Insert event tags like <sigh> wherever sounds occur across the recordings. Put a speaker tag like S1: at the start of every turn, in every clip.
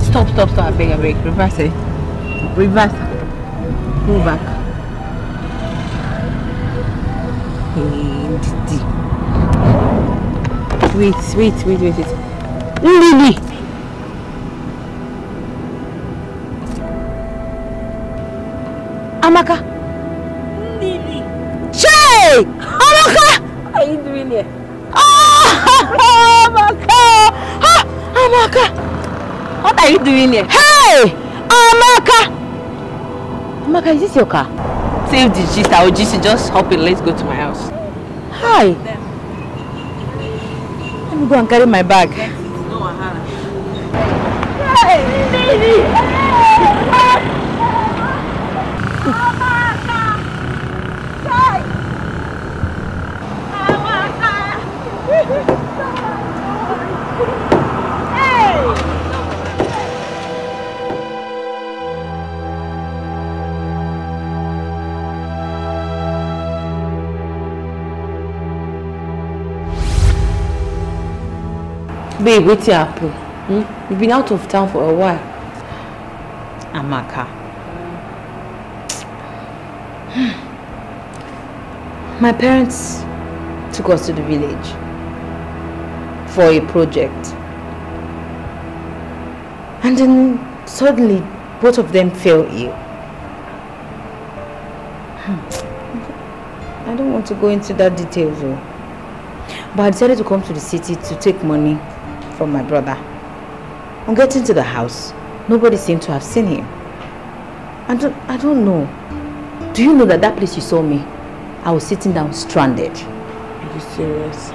S1: Stop, stop, stop, I beg, I beg. Reverse it. Reverse. Go back. Wait, wait, wait, wait, wait. Lily! Amaka! Lily! Jay! Amaka! are you doing here? Oh, <laughs> Amaka! Ah, Amaka! What are you doing here? Hey! Ah, Amaka! Amaka, is this your car? Save the gist. I will gist. Just hop in. Let's go to my house. Hi. Let me go and carry my bag.
S2: No, Hey, baby!
S1: Babe, what's happen? Hmm? You've been out of town for a while. Amaka. Hmm. My parents took us to the village for a project. And then suddenly both of them fell ill. Hmm. I don't want to go into that detail though. But I decided to come to the city to take money from my brother. On getting to the house, nobody seemed to have seen him. I don't, I don't know. Do you know that that place you saw me, I was sitting down stranded. Are you serious?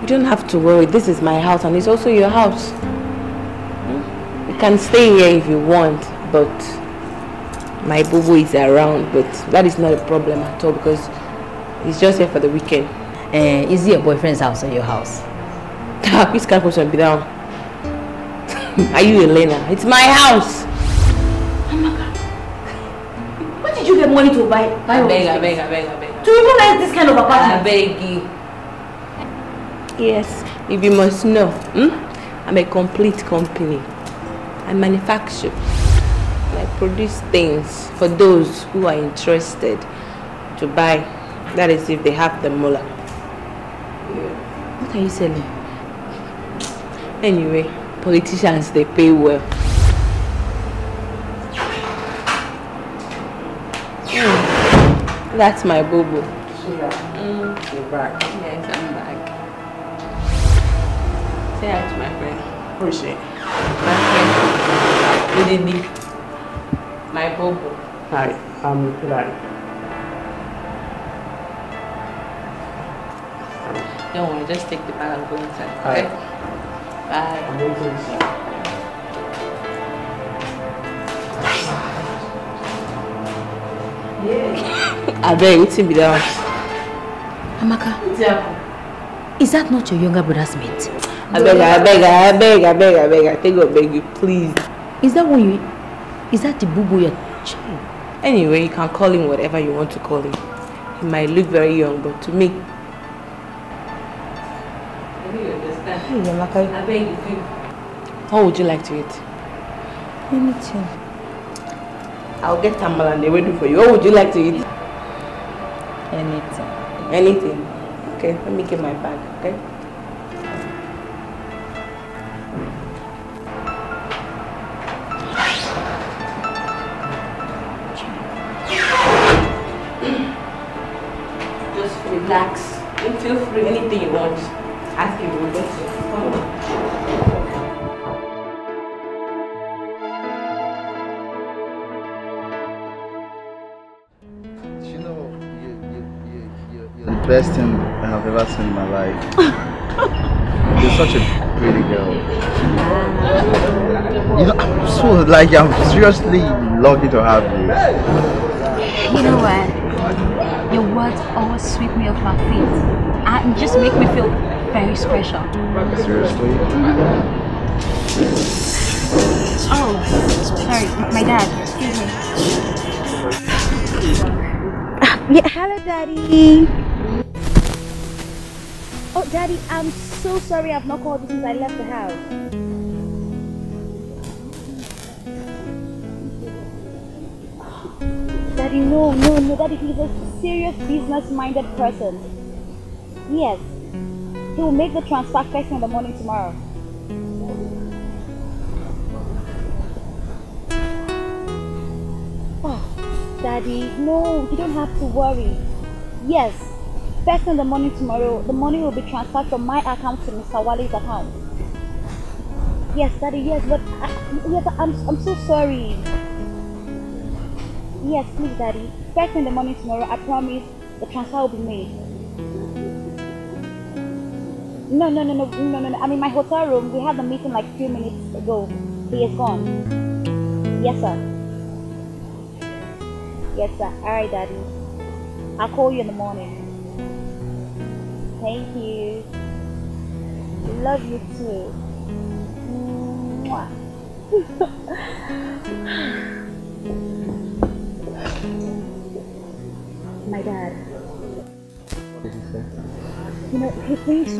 S1: You don't have to worry. This is my house and it's also your house. Hmm? You can stay here if you want, but my boo is around, but that is not a problem at all because he's just here for the weekend. Uh, is he your boyfriend's house or your house? Which kind of question be that Are you Elena? It's my house. Amaka, where did you get money to buy? buy I beg, I beg, I beg, I beg. To even rent this kind of apartment? I beg you. Yes, if you must know, hmm? I'm a complete company. I manufacture. I produce things for those who are interested to buy. That is if they have the molar. What are you selling? Anyway, politicians, they pay well. Hmm. That's my bobo. Yeah. Mm. You're back. Yes, I'm back. Say hi to my friend. Who is she? My friend. Udini. My bobo. Hi, I'm Hilary. Don't worry, just take the bag and go inside. Okay? I Bye. abeg wetin be that one. amaka is that not your younger brother's mate. I beg. I beg. I beg. i beg. I beg I I beg. you please. is that one you is that the bubu you're? anyway you can call him whatever you want to call him he might look very young but to me Hey, Yamaka. I beg you, What would you like to eat? Anything. I'll get Tamal and they waiting for you. What would you like to eat? Anything. Anything? Okay, let me get my bag, okay? relax. You feel free anything you want. Ask him, we'll get you.
S3: best thing I have ever seen in my life. <laughs> You're such a pretty girl.
S4: You know, I'm so like I'm seriously lucky to have you.
S2: You know what? Your words
S1: always sweep me off my feet. And just make me feel very special. Seriously? Oh, sorry, my dad. Excuse me. <laughs> Yeah, hello, Daddy.
S5: Daddy, I'm so sorry I've not called
S1: you since I left the house.
S5: Daddy, no, no, no. Daddy, he's a serious business-minded person. Yes. He will make the transfer first in the morning tomorrow. Oh, Daddy, no, you don't have to worry. Yes, First in the morning tomorrow, the money will be transferred from my account to Mr. Wali's account. Yes, Daddy, yes, but, I, uh, I'm, I'm so sorry. Yes, please, Daddy. First in the morning tomorrow, I promise the transfer will be made. No, no, no, no, no, no, no. I'm in my hotel room. We had the meeting like few minutes ago. He is gone. Yes, sir. Yes, sir. All right, Daddy. I'll call you in the morning. Thank you. Love you
S2: too. Mwah. <laughs> My dad. What
S5: did he say? You know, he thinks.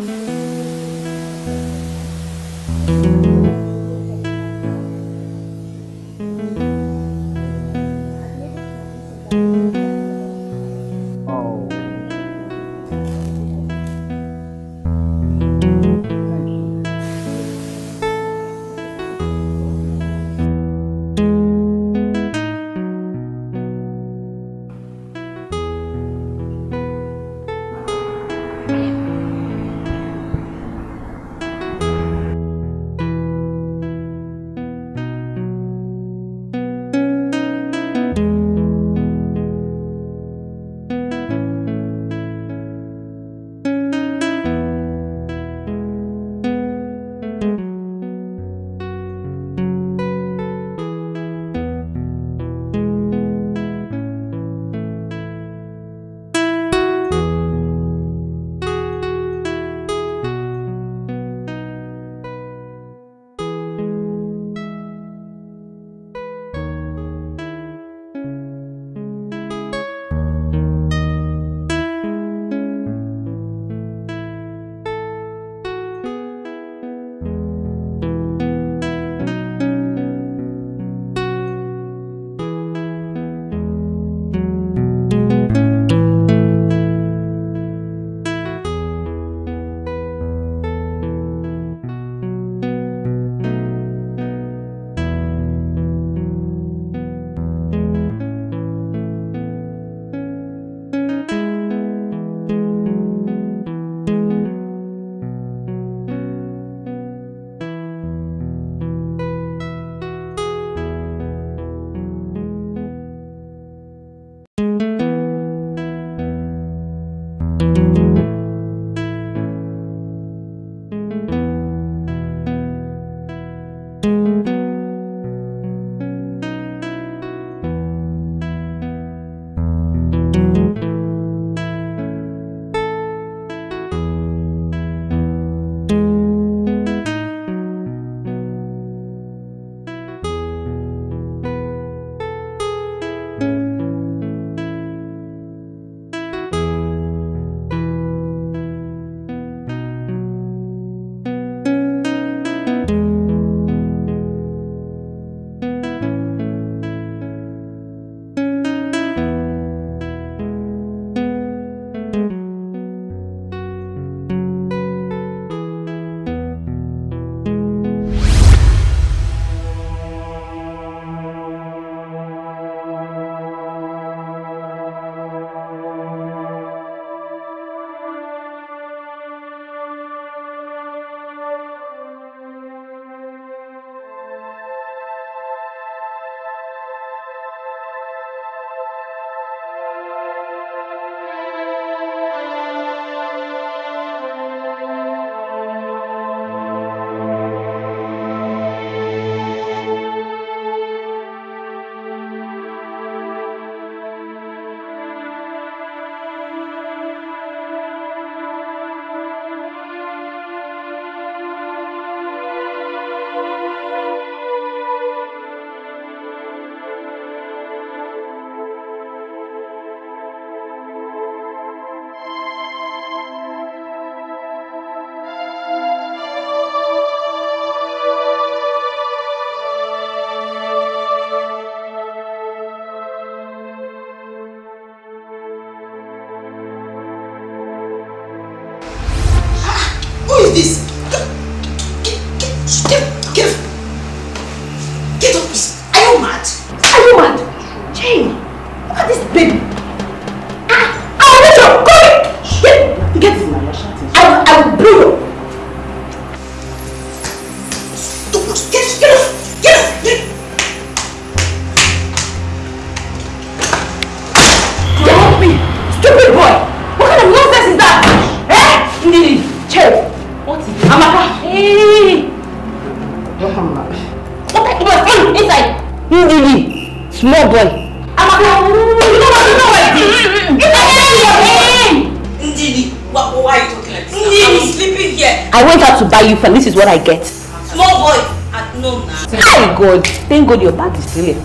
S1: what I get. Small boy at no now. Thank God. Thank God your bag is still here.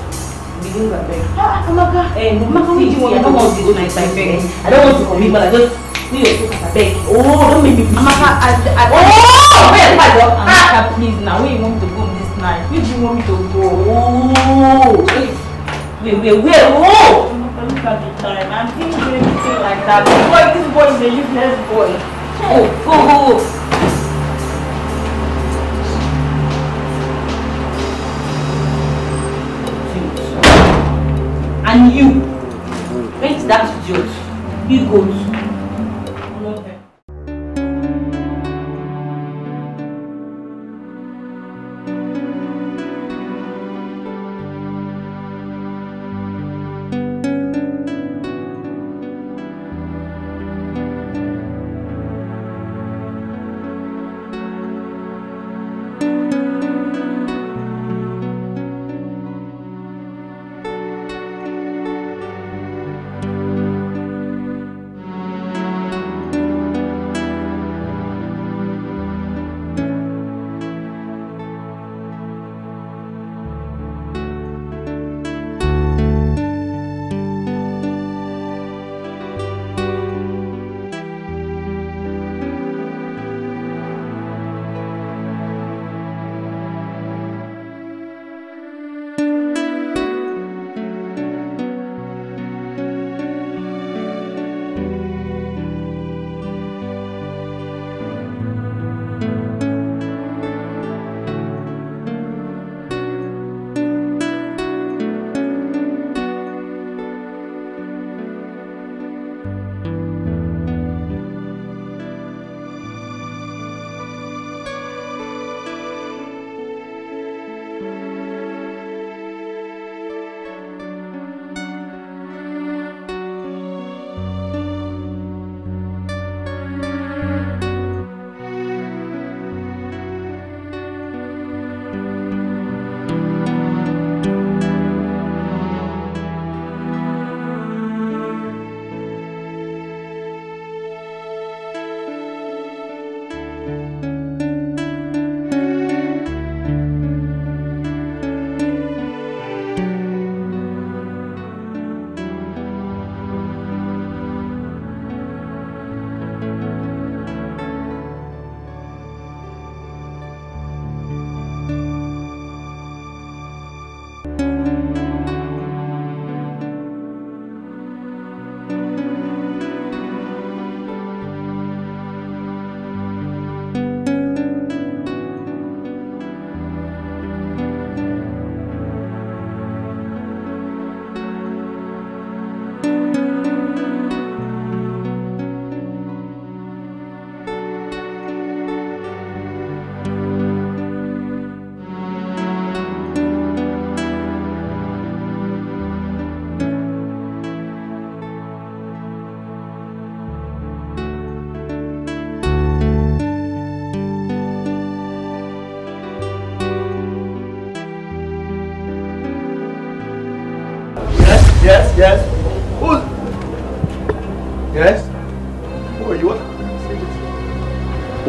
S1: I don't want to commit, but I just we were so beg. Oh, don't make me. Amaka, I, I, I, oh, wait, my God. Amaka, please now. Where you want me to go this night? Where do you want me to go? Oh, wait, wait, wait. Oh. Amaka, look at the time. I'm thinking anything like that. This boy, this boy is a useless boy. Oh, oh, oh. you.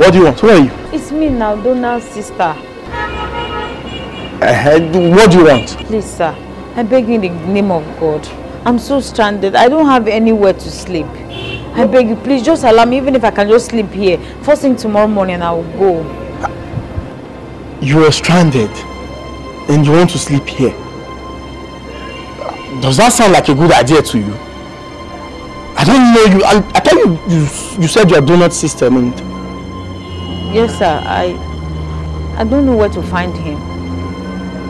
S4: What do you want? Who are you?
S1: It's me now, Donald's sister. Uh, what do you want? Please, sir. I beg you in the name of God. I'm so stranded. I don't have anywhere to sleep. I beg you, please just allow me, even if I can just sleep here. First thing tomorrow morning, I will go.
S4: You are stranded and you want to sleep here. Does that sound like a good idea to you? I don't know you. I, I thought you, you, you said you are Donald's sister a
S1: Yes, sir. I I don't know where to find him.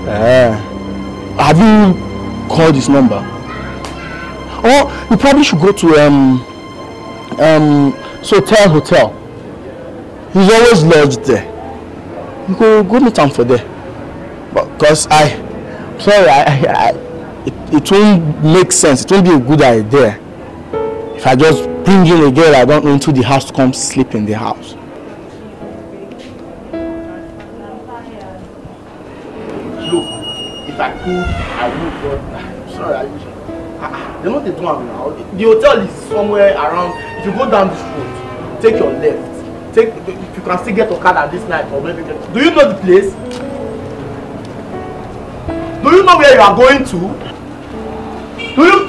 S4: Uh, have you called his number? Or you probably should go to um um Sotel Hotel. He's always lodged there. You go go meet him for there. Because I sorry, I, I it, it won't make sense. It won't be a good idea if I just bring in a girl I don't know into the house to come sleep in the house. look. If I could, I would, but sorry, I wish. Ah, ah, they're not the one now. The hotel is somewhere around. If you go down this road, take your left. Take if you can still get Okada this night or maybe. Do you know the place? Do you know where you are going to? Do you?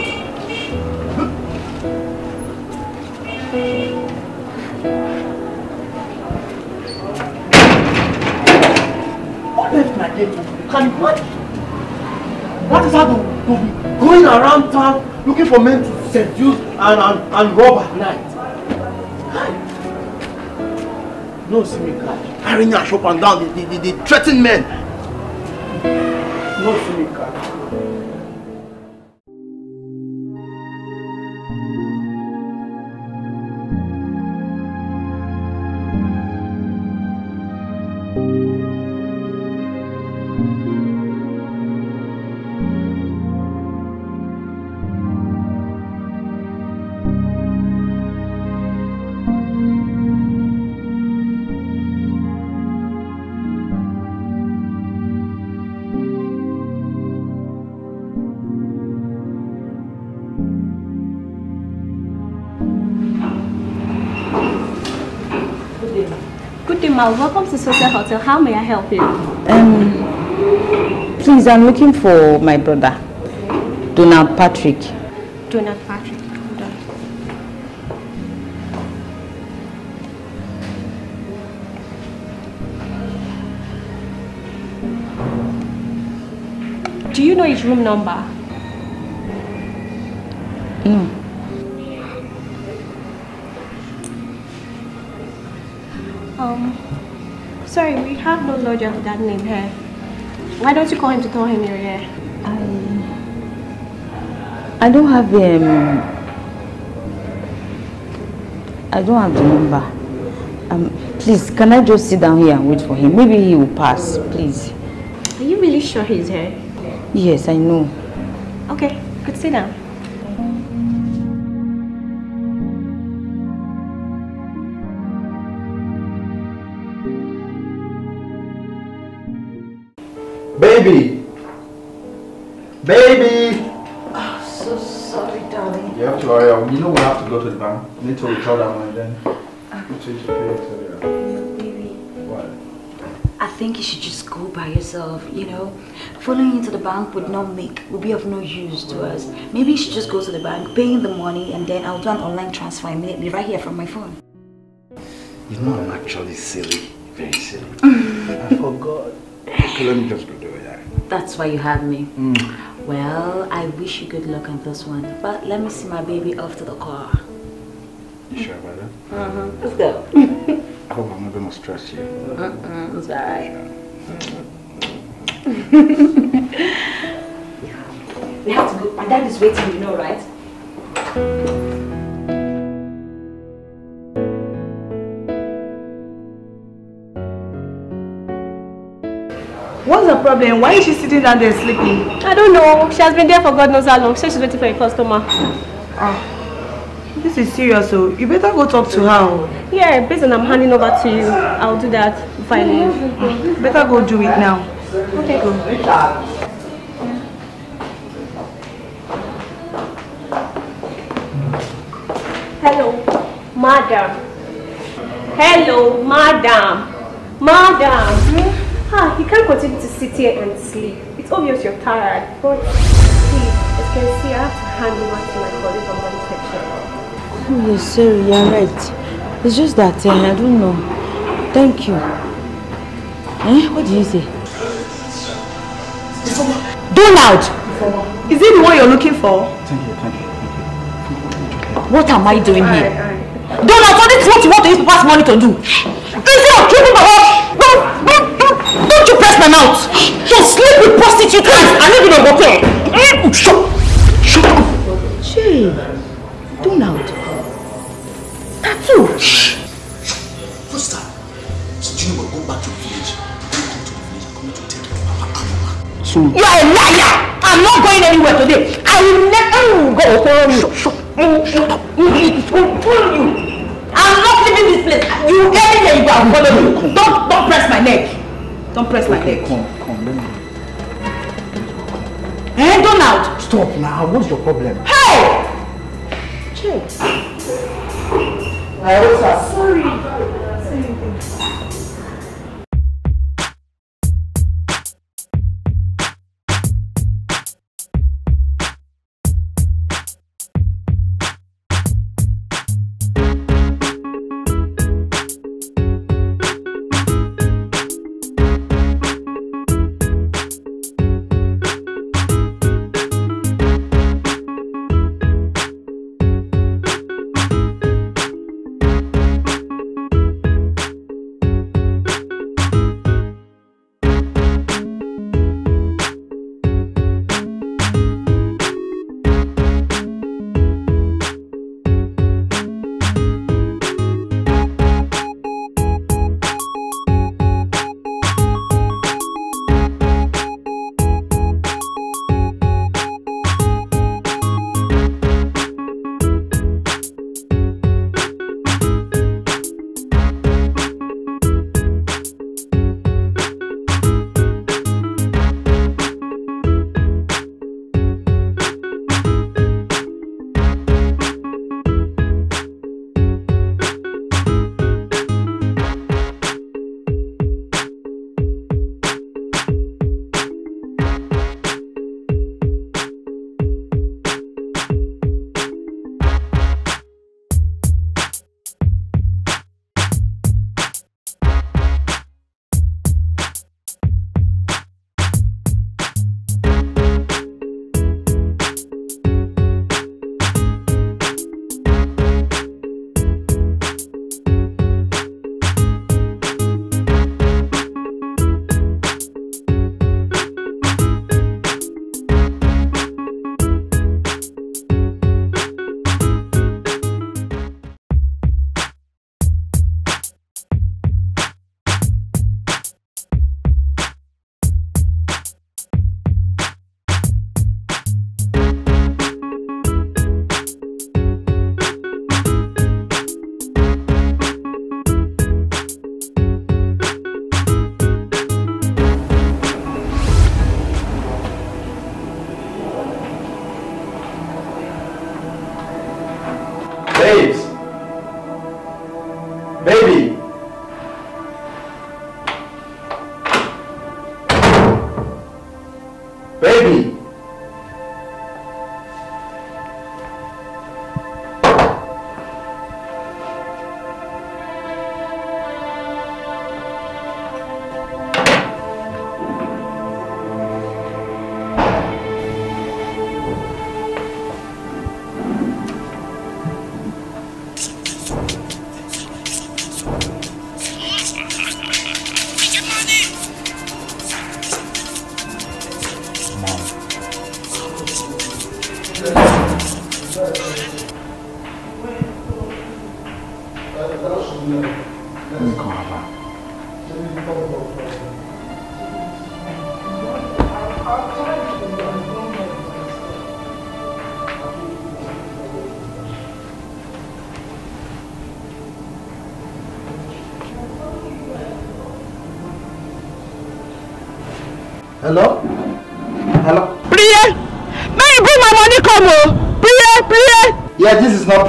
S4: What left my gate open? Can you imagine? what is that they will be going around town looking for men to seduce and, and, and rob at night. No, see me catch. Carrying her up and down, they, they, they, they threaten men.
S3: No, see me catch.
S1: welcome to Social Hotel. How may I help you? Um, please, I'm looking for my brother, Donald Patrick. Donald Patrick. Hold on. Do you know his room number? No. Mm.
S5: Sorry, we have no lodger with that name here. Why don't you call him to tell him you're here? I,
S1: I don't have the... Um, I don't have the number. Um, please, can I just sit down here and wait for him? Maybe he will pass, please.
S5: Are you really sure he's here?
S1: Yes, I know.
S2: Okay, good sit down.
S3: Baby! Baby!
S5: Oh, so sorry, darling. You have
S3: to hurry up. You know we have to go to the bank. We need to withdraw that money then. Ah.
S1: Baby. What? I think you should just go by yourself, you know. Following you to the bank would not make, would be of no use to us. Maybe you should just go to the bank, pay in the money, and then I'll do an online transfer immediately right here from my phone.
S2: You know I'm actually silly, very silly. <laughs> I
S6: forgot kilometers to do,
S1: That's why you have me. Mm. Well, I wish you good luck on this one. But let me see my baby off to the car. You sure about that? Uh-huh. Hmm. Let's go.
S6: I hope I'm not going to stress you.
S1: Uh-uh. It's all right. <laughs> <laughs> we have to go. My dad is waiting, you know, right? problem? Why is she sitting down there sleeping? I don't know. She has been there for God knows how long. She so she's waiting for a customer. Oh, this is serious, so oh. you better go talk to her. Oh. Yeah, based on I'm handing over to you, I'll do that if I leave.
S5: Better go do it now.
S1: Okay. Go. Hello, madam. Hello, madam. Madam.
S5: Hmm? Ah, you can't continue to sit here and sleep. It's obvious you're tired, but please, as you can see, I have to hand over to my colleague from manufacturing.
S1: Oh, yes, sir, you're right. It's just that uh, I don't know. Thank you. Eh? What do you say? Donald! Is it the one you're looking for? Thank you, thank you. What am I doing here? Donald, what is what you want to use papa's money to do? it
S2: of keeping my work, Don't, don't, don't you press my mouth. You
S5: sleep with prostitute wife. I live in a hotel. Shut,
S4: shut up. Jay, Donald. Tattoo. What's that? So do you will go back to the village? Don't come to the village. I'm coming to
S5: take your papa and mama. So you are a liar. I'm not going anywhere today. I will never go. Shut, shut, shut up. I will pull you.
S1: I'm not leaving this place. You anywhere you go, I'll follow you. Don't don't press my neck. Don't press okay, my neck. Come, come, let me. Eh, don't out. Stop now. What's your problem? Hey! Chill.
S6: I sorry.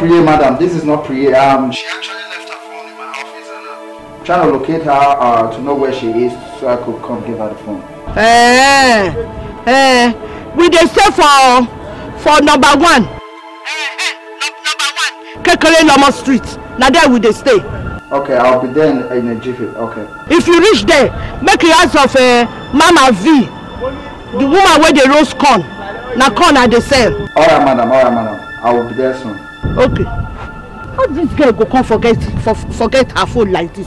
S3: prayer, madam. This is not prayer. Um, she actually left her phone in my office and uh, I'm trying to locate her uh, to know where she is so I
S4: could come give her the phone. Eh, eh, we they stay for for number one. Eh, eh, number one. Kekere Lomo Street. Now there we they stay.
S3: Okay, I'll be there in, a jiffy. Okay.
S4: If you reach there, make you ask of uh, eh, Mama V, the woman where dey roast corn. Na corn I dey
S3: sell. Alright, madam. Alright, madam. I will be there soon
S1: okay how this girl go come forget for forget her phone like this?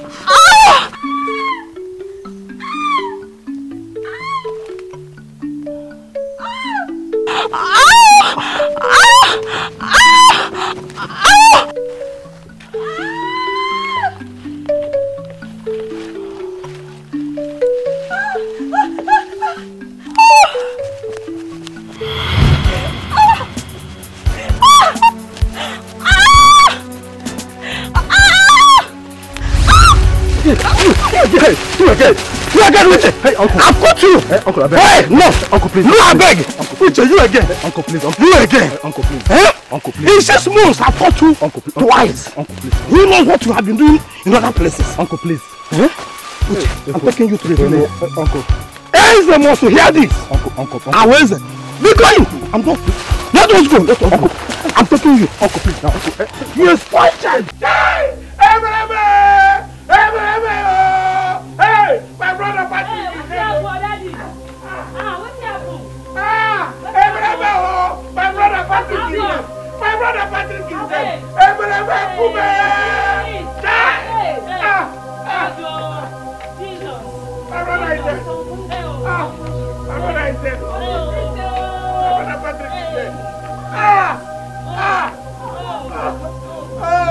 S2: Ha!
S4: Eh, uncle, I beg. Hey, no! Uncle, please. No, I beg! Uche, you again! Uncle, please. Uncle, you again! Uncle, please. Eh? Uncle, please. In six months, I've caught you uncle, please. twice. Uncle, please. You know what you have been doing in other places. Uncle, please. Eh? Uche, I'm taking you to the village. Uncle. Eze wants to hear this. Uncle, uncle, uncle. Ah, where is it? Be going! I'm going. Let us go. Let us go. I'm taking
S6: you. Uncle, please. Now, uncle. You're eh, eh. a spoiled child. Hey! brother Patrick is dead. Ebere bẹ kú bẹ́ẹ̀. Die. Ah. Ah. My brother is dead. Ah. My brother Patrick Ah. Ah. Oh, oh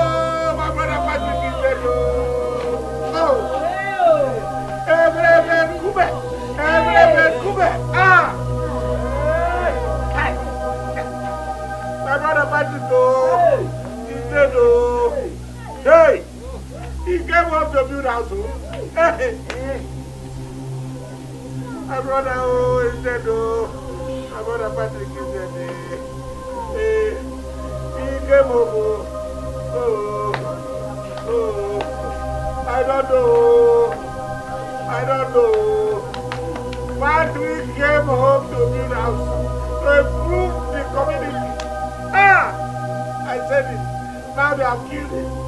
S6: my Patrick is dead. Oh. Oh. Ebere bẹ kú Daddy, no. Hey, he gave up to build house. Oh, hey. My brother, oh, is dead, oh. My brother Patrick he said, Hey, he gave up, oh. Oh, oh. I don't know. I don't know. Patrick came home to build house to improve the community. baby. Now they have killed him.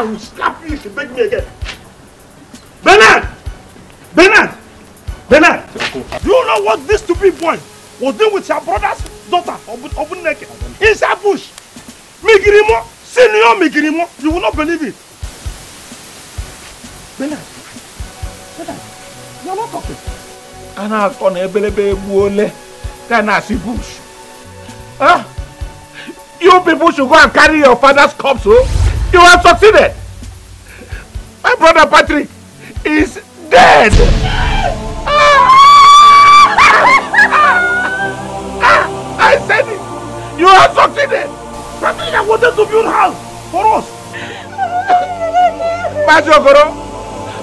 S6: I will
S4: slap you if you beg me again. Bernard! Bernard! Bernard! Do you know what this stupid boy was doing with your brother's daughter, Obuneke? Inside bush! Migirimo! Senior Migirimo! You will not believe it!
S6: Bernard! Bernard! You are not talking. Kana akọ na ebelebe egbu ole ka na bush. Huh? Ah, you people should go and carry your father's corpse, oh! You have succeeded. My brother Patrick is dead. Ah! I said it. You have succeeded. Patrick I wanted to build a house for us. Majogoro.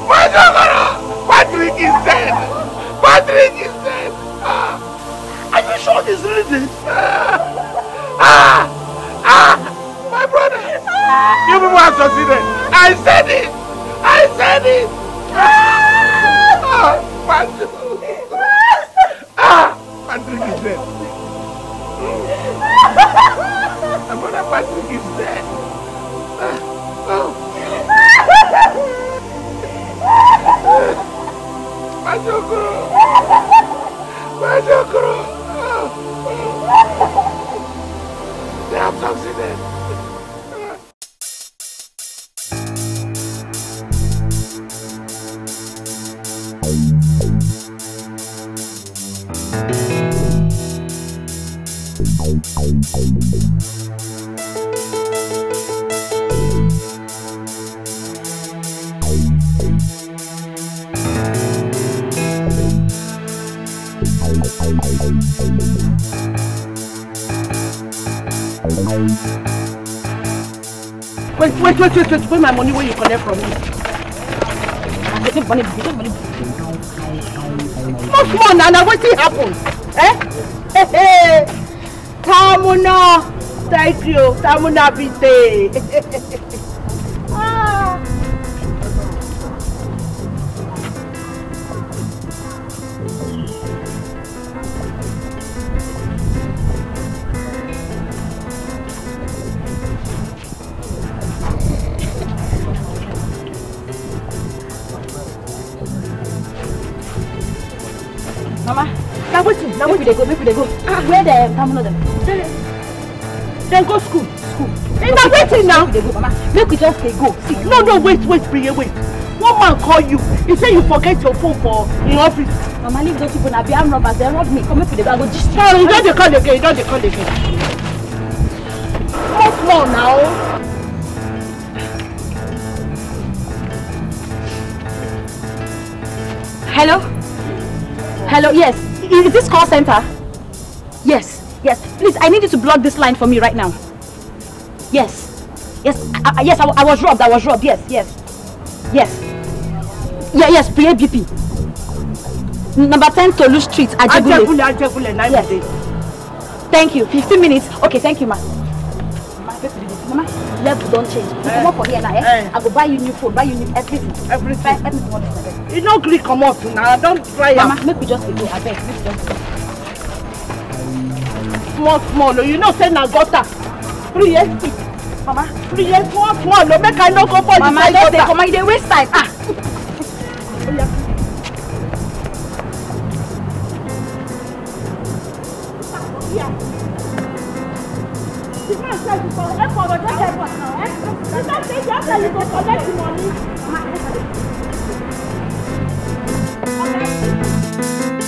S6: Majogoro. Patrick is dead. Patrick is dead. Ah. Are you sure he's really dead? ah. ah! You people have succeeded. I said it. I said it. Ah, Patrick. Ah, Patrick is dead. My brother Patrick is dead. Ah, oh. Majokoro. Majokoro. Ah,
S2: oh.
S6: They have succeeded.
S3: Wait, wait, wait,
S4: wait, wait, wait, my money where you
S5: collect
S1: from me. I think money, I think money. Come on, now, now, what's it happen? Eh? Hey, hey. Tamuna. Thank you. Tamuna Bite. <laughs> ah. Mama, now wait, now wait, they go, wait, they go. Ah, where the Tamuna? Then go school. School. Then na wetin now. Make we just dey go. See. No no wait wait Priye wait. One man call you. He say you forget your phone for in office. Mama leave those people na be armed robbers. Dem rob me. Come make to the go. I go gist you. you don call again. You don call again. Come small now. Hello? Hello, yes. Is this call center? Yes. Yes, please, I need you to block this line for me right now. Yes. Yes, I, I, yes, I, I was robbed, I was robbed, yes, yes. Yes. Yeah, yes, PA BP. Number 10 Tolu Street, Ajebule. Ajebule, Ajebule, nine yes. Day. Thank you, 15 minutes. Okay, thank you, ma. Mama, level don't change. Eh. come up for here now, eh? eh? I go buy you new phone, buy you new everything. Everything. Buy everything. You no agree come up now. Don't try Mama, make we just go. I beg, make we just go small small o oh, you know say na gutter three years mama three years small small o oh, make i no go fall inside gutter mama just dey come you dey waste time ah. Thank you.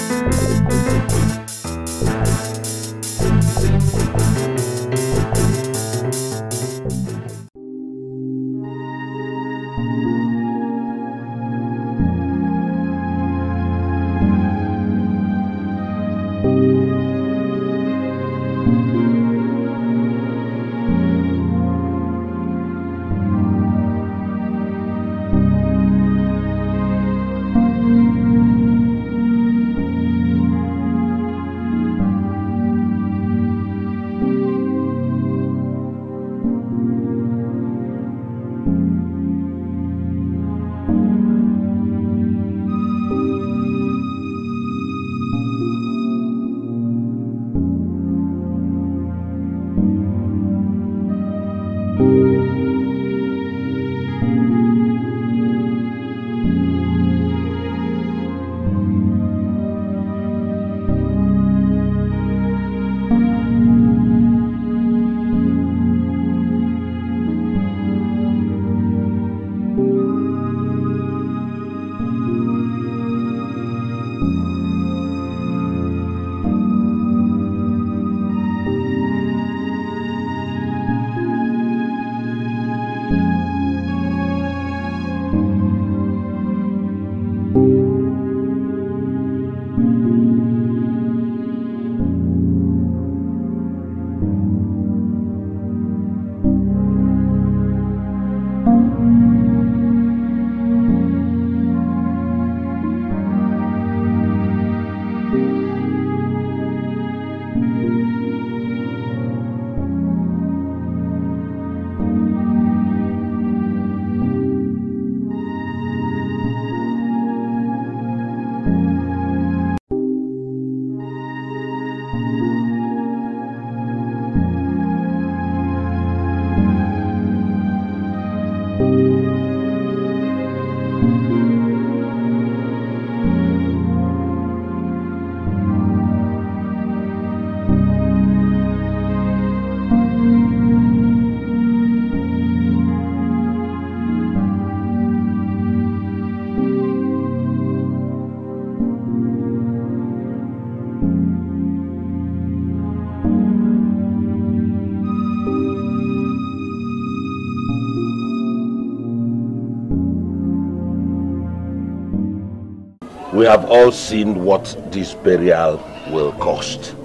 S6: We have all seen what this burial will cost.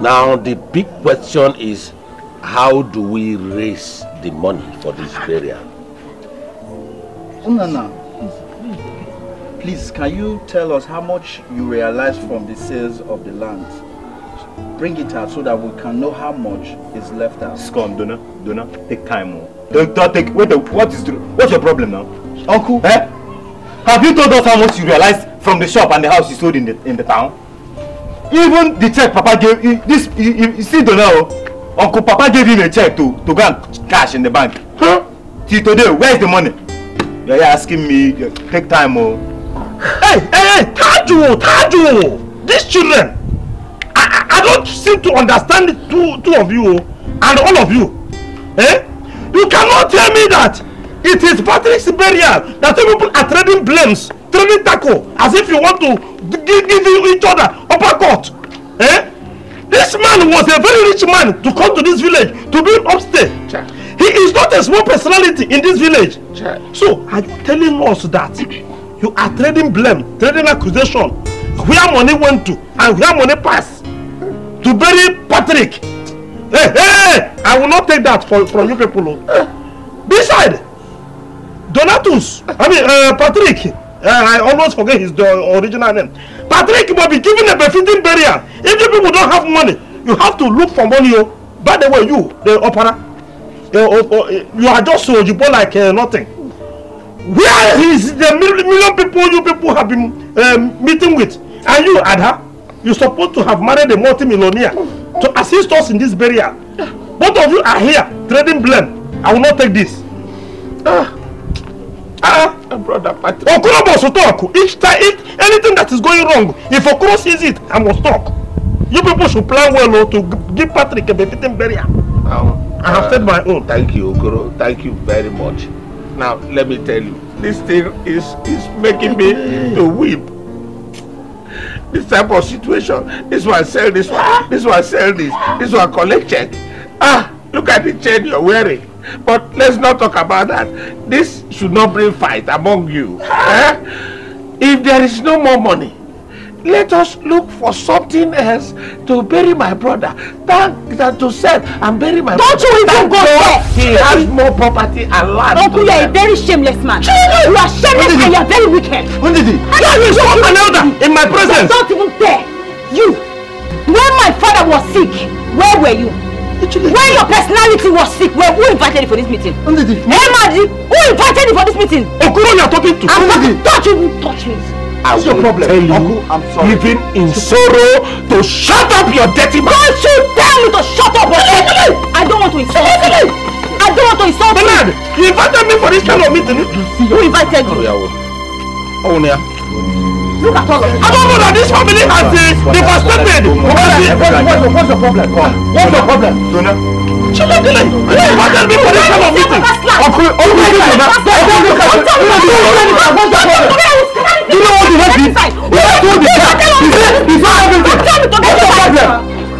S6: Now the big question is, how do we raise the money for this burial? Unana, oh,
S4: please, please, can you tell us how much you realize from the sales of the land? Bring it out so that we can know how much is left out. Scum, Donna, Donna, take time. Oh. Don't, don't take, wait, what is, what's your problem now? Uncle? Eh? Have you told us how much you realized from the shop and the house you sold in the in the town? Even the check Papa gave you, this you, you, you still don't know. Uncle Papa gave him a check to to go and cash in the bank. Huh? Till today, where is the money? You're yeah, asking me. Yeah, take time, oh. Hey, hey, hey, Taju, Taju, these children. I, I, don't seem to understand two two of you and all of you. Eh? You cannot tell me that It is Patrick's burial that people are trading blames, trading tackle, as if you want to give, give each other court. Eh? This man was a very rich man to come to this village to build upstate. He is not a small personality in this village. So, are you telling us that you are trading blame, trading accusation, where money went to and where money passed to bury Patrick? Hey, eh, eh, hey! Eh! I will not take that for, from you people. Beside, oh. Donatus, I mean, uh, Patrick. Uh, I almost forget his the original name. Patrick will be given a befitting burial. If you people don't have money, you have to look for money. Oh. By the way, you, the opera, uh, uh, you are just so you born like uh, nothing. Where is the million people you people have been um, meeting with? And you, Ada, you're supposed to have married a multimillionaire to assist us in this burial. Both of you are here trading blame. I will not take this. Ah brother Patrick. Okoro must talk. Each time, each, anything that is going wrong, if Okoro sees it, I must talk. You people should plan well oh, to give Patrick a befitting burial.
S6: Now, um, I have uh, said my own. Thank you, Okoro. Thank you very much. Now, let me tell you, this thing is, is making me to weep. This type of situation, this one sell this one, this one sell this, this one collect check. Ah, look at the chain you're wearing. But let's not talk about that. This should not bring fight among you. <laughs> eh? If there is no more money, let us look for something else to bury my brother. Thank that to sell and bury my Don't brother. you even go there! He has more property and land. Uncle, you are a very
S5: shameless man. Children. You are shameless Undidi. and you are very wicked. Undidi, you will stop an elder in my presence.
S1: Don't even dare. You, when my father was sick, where were you? Actually, when your personality was sick, well, who invited you for this meeting? Ndidi. Hey, Madi, who invited you for this meeting? Okuro, you are talking to. I'm Ndidi. Touch him, touch
S4: him. That's your problem. Tell you, Uncle,
S1: I'm
S6: sorry. Living in sorrow to shut up your dirty mouth. Don't you tell me to shut up, okay? I don't want to insult you. I don't want to insult you. Bernard, you invited me for this kind of
S4: meeting. Who invited you? Oh, yeah, Oh, yeah. Oh, Look at all of this. I don't know that this family has the devastated. What's your problem? What's your problem? Dona. Children, you invited me for this kind of meeting. Uncle, oh, you know, Dona. Uncle,
S2: look at you. You know what you have to do? You have to What the car. You have everything. What's your problem?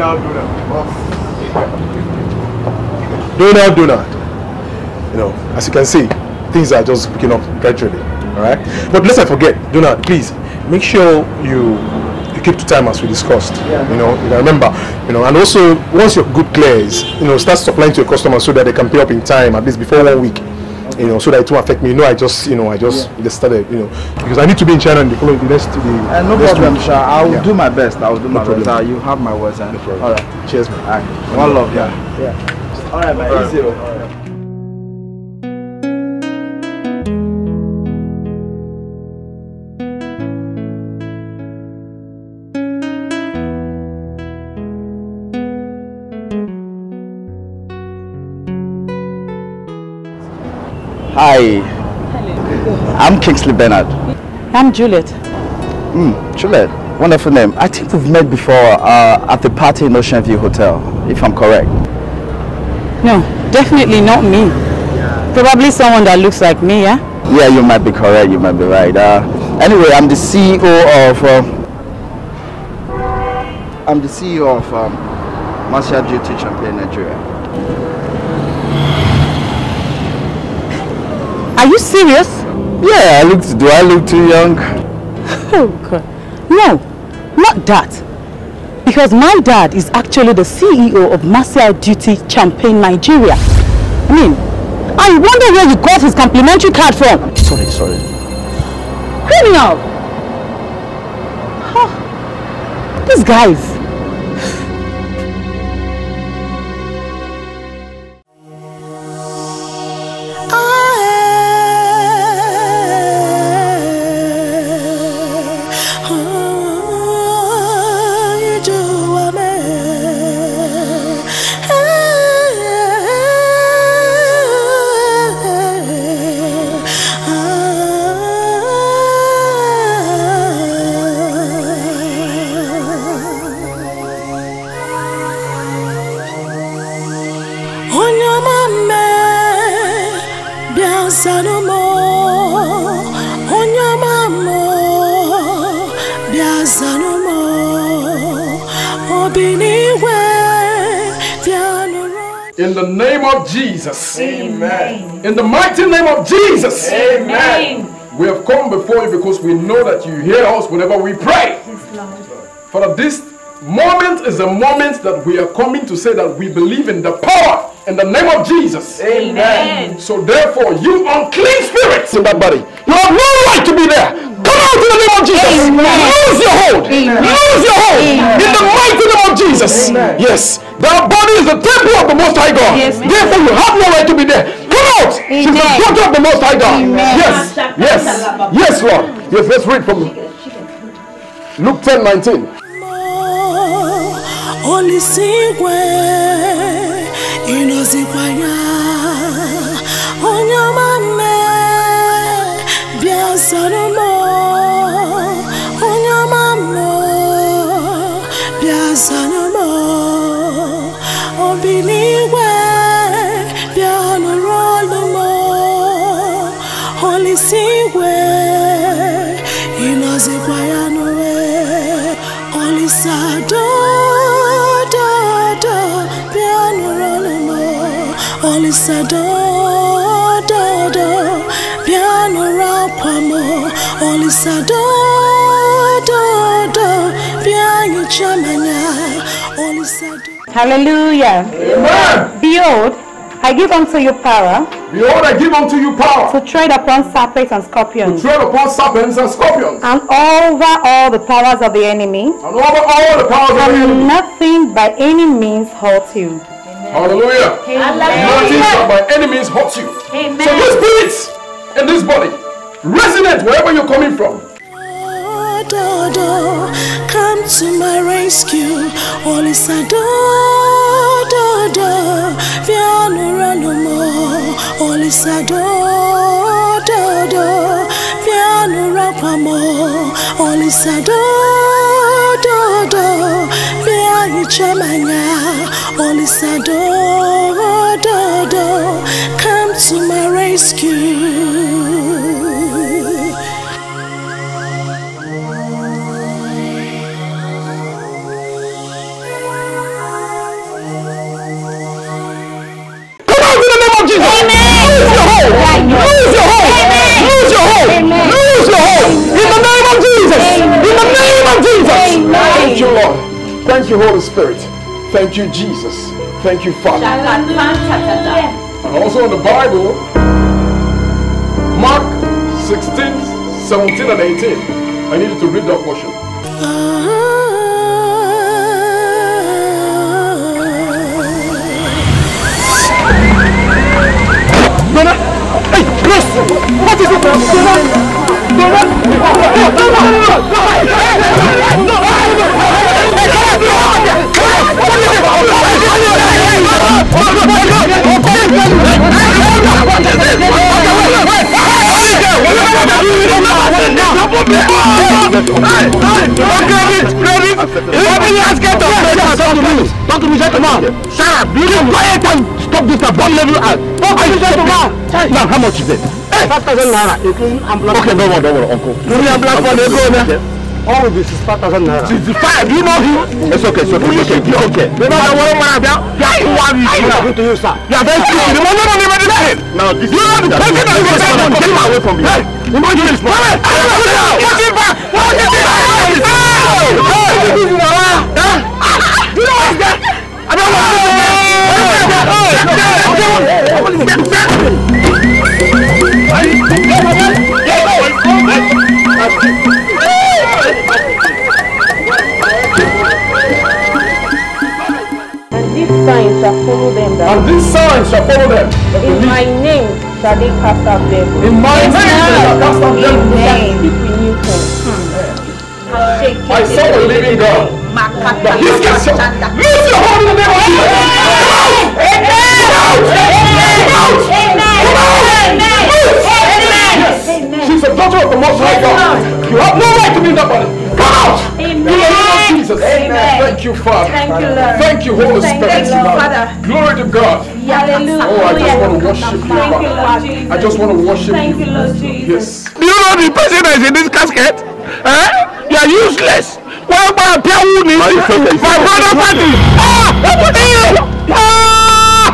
S6: do not.
S3: Do not, do not. You know, as you can see, things are just picking up gradually. All right. But let's not forget, do not, please, make sure you you keep to time as we discussed. Yeah. You know, you remember, you know, and also once your good clears, you know, start supplying to your customers so that they can pay up in time, at least before one week. you know, so that it won't affect me. You know, I just, you know, I just yeah. started, you know, because I need to be in China in the following the next. The, uh, no next problem, sir. I will yeah. do my best. I will do no my problem. best.
S4: Uh, you have my words, and eh? no All right. Cheers, man. All right. One love, yeah.
S3: Yeah. yeah. All right, man. Easy. Oh. Hi. Hello. I'm Kingsley Bernard.
S4: I'm Juliet. Mm, Juliet, wonderful name. I think we've met before uh, at the party in Ocean View Hotel, if I'm correct.
S1: No, definitely not me. Probably someone that looks like me, yeah?
S4: Yeah, you might be correct, you might be right.
S3: Uh, anyway, I'm the CEO of... Uh, I'm the CEO of um, Duty Beauty Champion Nigeria.
S1: Are you serious? Yeah, I look, do I look too young? Oh God, no, not that. Because my dad is actually the CEO of Martial Duty Champagne Nigeria. I mean, I wonder where you got his complimentary card from. Sorry, sorry. Criminal! Huh. These guys.
S3: Jesus. Amen. In the mighty name of Jesus. Amen. We have come before you because we know that you hear us whenever we pray. Yes, Lord. Father, this moment is a moment that we are coming to say that we believe in the power in the name of Jesus.
S6: Amen.
S3: So therefore, you unclean spirits in that body, you have no right to be there. Come out in the name of Jesus. Amen. Lose your hold. Amen. Lose your hold. In the mighty name of Jesus. Amen. Yes. The body is the temple of the Most High God. Yes, Therefore, you have no right to be there. Come out.
S2: Amen.
S5: She's the daughter of the Most High God. Amen. Yes, yes, yes, Lord.
S3: Yes, let's read from Luke 10 19.
S5: Holy Singwe, Inozikwa Hallelujah. Amen. Behold, I give
S3: unto you power. Behold, I give unto you power to tread upon serpents and scorpions. To tread upon serpents and scorpions. And over all the powers of the enemy. And over
S6: all the powers of the
S3: enemy. Nothing by any means hurts you. Amen. Hallelujah. Amen. Nothing shall by any means hurts you. Amen. So these spirits in this body, resonate wherever you're coming from. Dodo, come to my rescue.
S5: Olisa Dodo, Viano Ranomo, Olisa Dodo, Viano Rapamo, Olisa Dodo, Viano Chamania, Olisa Dodo, come to my rescue.
S3: hold. Amen. Lose your hold. In the name of Jesus. Amen. In the name of Jesus. Amen. Thank you, Lord. Thank you, Holy Spirit. Thank you, Jesus. Thank you, Father.
S2: And
S3: also in the Bible, Mark 16, 17, and 18. I need you to read that portion.
S2: 快点！快点！别让，别让！
S6: Madam, how much is it? Hey! thousand naira, Okay, don't worry, don't worry,
S4: uncle. Only a black one. go All of this is thousand naira. five. do you know him? It's okay, it's okay, it's okay. okay. Remember, I want to be out. Yeah, you are you. I'm talking to you,
S6: sir. Yeah, very stupid. The money don't even deny it. Now, this is... You know, take it away from me. Get him away from me. Hey! Imagine this. Come here! I'm going to go. Watch it back! Watch it back! Hey! Hey! This is my wife.
S2: Do you know what's that? I don't want to go. Hey! Hey! Hey! Hey! Hey! Hey! Hey! Hey! Hey!
S3: shall follow them that And these signs shall follow them. In
S1: believe. my name shall they cast out devils. In my name they cast out devils. They hmm. I saw the living God. this can show. Lift your hand in the name of Jesus. Amen.
S3: Amen.
S6: Amen. She's a daughter of the Most High
S3: God. You have no right to be in that body. Amen. Jesus. Amen. Thank you, Father. Thank you, Lord. Thank you, Holy Spirit. Thank you, Father. Glory to God. Hallelujah. Oh, I just
S5: want to worship you, Father. I just want to worship Thank
S3: you. Lord
S2: Jesus.
S3: Yes. Do you know the person that is
S6: in this casket? Huh? You are useless. Why Wọ́n gba apia wù ní my brother party. Ah!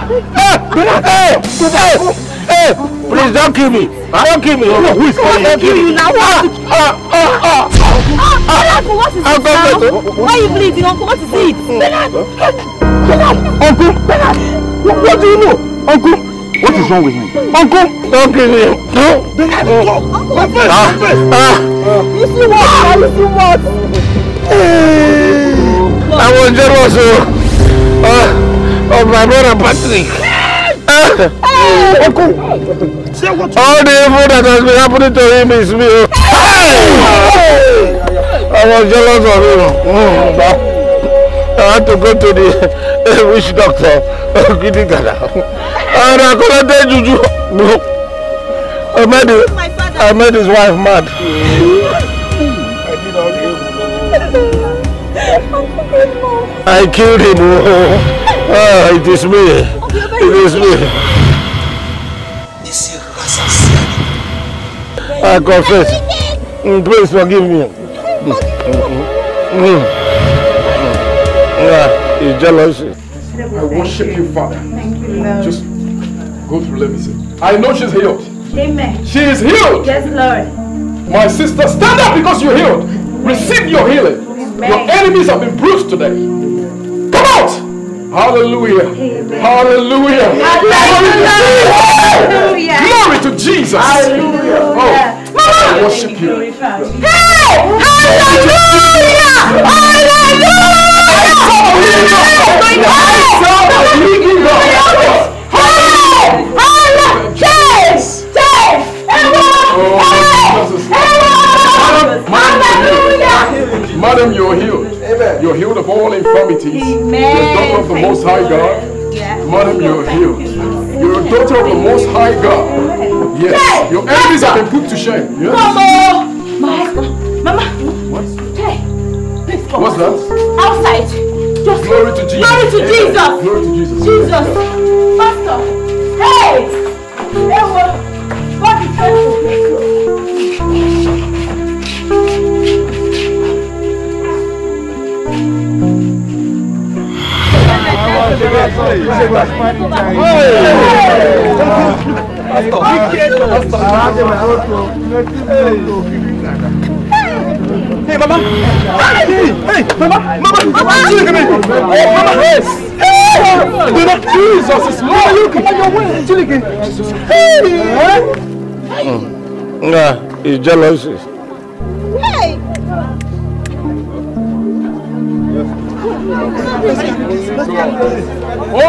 S6: Ah! Ah! Ah! Hey, please don't kill me. Don't kill me. who is calling? Don't kill you now. What? Ah, ah, ah. Uncle, ah. ah, what is it now? Why are you bleeding, Uncle? What is it? Bernard! Mm, mm. Bernard! Uncle! Bernard! What, do you know? Uncle! What is wrong with me? Uncle! Don't kill me. No! Uncle! My ah, face! You see what? Ah. You see what? I was jealous, oh! Ah! Of my brother Patrick! All the evil that has been happening to him is me. Oh. I was jealous of him. Oh. Mm, I had to go to the <laughs> witch doctor. and I couldn't tell Juju. I made, his, I made his wife mad. I killed him. Oh. Ah, it is me. It is me. I confess. Please forgive me. Yeah, it's jealousy. I worship you, Father. Thank
S2: you,
S5: Lord.
S3: Just go through, let me see. I know she's healed.
S5: Amen. She
S3: is healed. Yes,
S5: Lord.
S3: My sister,
S6: stand up because you're healed.
S3: Receive your healing. Your enemies have been bruised today. Hallelujah. Hallelujah. Hallelujah. Hallelujah. Glory to Jesus. Hallelujah. Oh. Mama. I worship you. Hey! Hallelujah! Hallelujah.
S2: Hallelujah. Hallelujah. Hallelujah.
S3: Madam, you're healed. Amen. You're healed of all infirmities. Amen. You're a daughter of the Most High God.
S2: Yes. Madam, you're
S3: healed. You're a daughter of the Most High God. Yes. Your enemies have been put to shame. Yes.
S2: Mama!
S1: My husband.
S3: Mama. What? Hey, please come. What's that?
S1: Outside. Just glory to Jesus. Glory to Jesus. Amen.
S3: Glory to Jesus. Jesus.
S1: Pastor. Hey.
S6: Hey, what? God is
S2: Hey, mama! Hey, hey,
S6: mama! Mama, mama, look at me!
S5: mama!
S2: Hey, mama! Jesus is Lord! Look, come on your way,
S5: Chilike!
S6: Hey! Hey!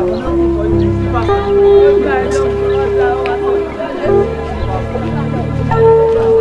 S2: Thank you.